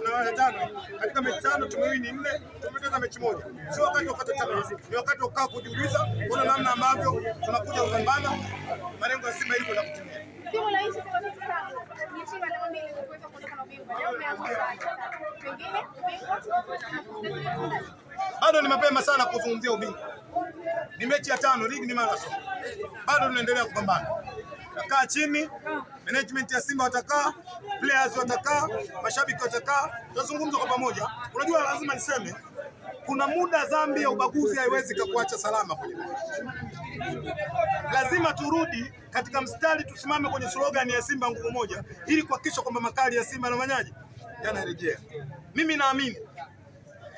Unaona tano katika mechi tano tumewini nne, tumepoteza mechi moja. Sio wakati wa kukata tamaa, ni wakati wa kukaa kujiuliza, kuna namna ambavyo tunakuja kupambana malengo ya Simba ili kwenda kutimia. Bado ni mapema sana kuzungumzia ubingwa, ni mechi ya tano, ligi ni marathon, bado tunaendelea kupambana. Takaa chini, management ya Simba watakaa, players watakaa, mashabiki watakaa, tutazungumza kwa pamoja. Unajua, lazima niseme kuna muda dhambi ya ubaguzi haiwezi kukuacha salama kwenye lazima turudi katika mstari, tusimame kwenye slogan ya Simba nguvu moja, ili kuhakikisha kwamba makali ya Simba yanafanyaje, yanarejea. Mimi naamini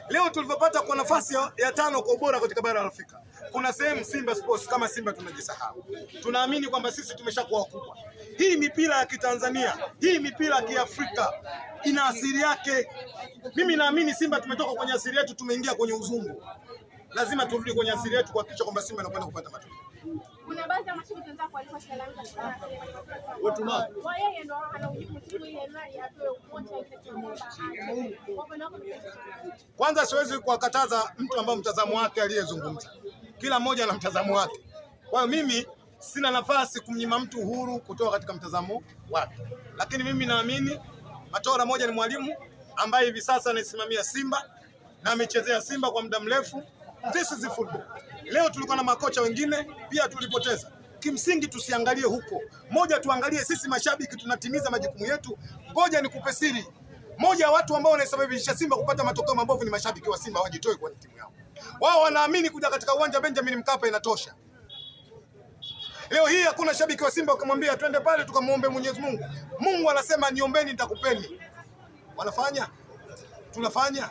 leo tulivyopata kwa nafasi ya tano kwa ubora katika bara la Afrika, kuna sehemu Simba Sports kama Simba tunajisahau, tunaamini kwamba sisi tumeshakuwa wakubwa. Hii mipira ya Kitanzania, hii mipira ya Kiafrika ina asili yake. Mimi naamini Simba tumetoka kwenye asili yetu, tumeingia kwenye uzungu. Lazima turudi kwenye asili yetu kuhakikisha kwamba Simba inakwenda kupata matokeo. Kwanza siwezi kuwakataza mtu ambaye mtazamo wake aliyezungumza kila mmoja ana mtazamo wake. Kwa hiyo mimi sina nafasi kumnyima mtu uhuru kutoka katika mtazamo wake, lakini mimi naamini Matora moja ni mwalimu ambaye hivi sasa anaisimamia Simba na amechezea Simba kwa muda mrefu. This is football. Leo tulikuwa na makocha wengine pia tulipoteza. Kimsingi tusiangalie huko, moja tuangalie sisi mashabiki tunatimiza majukumu yetu. Ngoja nikupe siri moja watu ambao wanaisababisha Simba kupata matokeo mabovu ni mashabiki wa Simba, wajitoe kwenye timu yao. Wao wanaamini kuja katika uwanja wa Benjamin Mkapa inatosha. Leo hii hakuna shabiki wa Simba ukamwambia twende pale tukamwombe Mwenyezi Mungu. Mungu anasema niombeni, nitakupeni. Wanafanya? Tunafanya?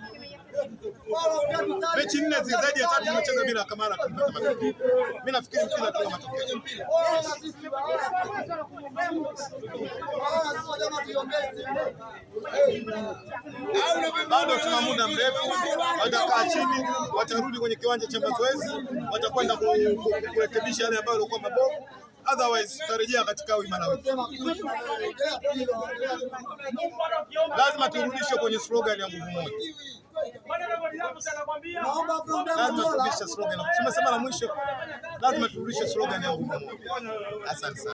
mechi nne zaidi ya tatu tumecheza bila Kamara. Mimi nafikiri mpira tu kama matokeo. Bado tuna muda mrefu, watakaa chini, watarudi kwenye kiwanja cha mazoezi, watakwenda kurekebisha yale ambayo yalikuwa mabovu. Otherwise tutarejea katika uimara wetu. Lazima turudishe kwenye slogan ya nguvu moja. Lazima turudishe slogan ya nguvu Asante sana.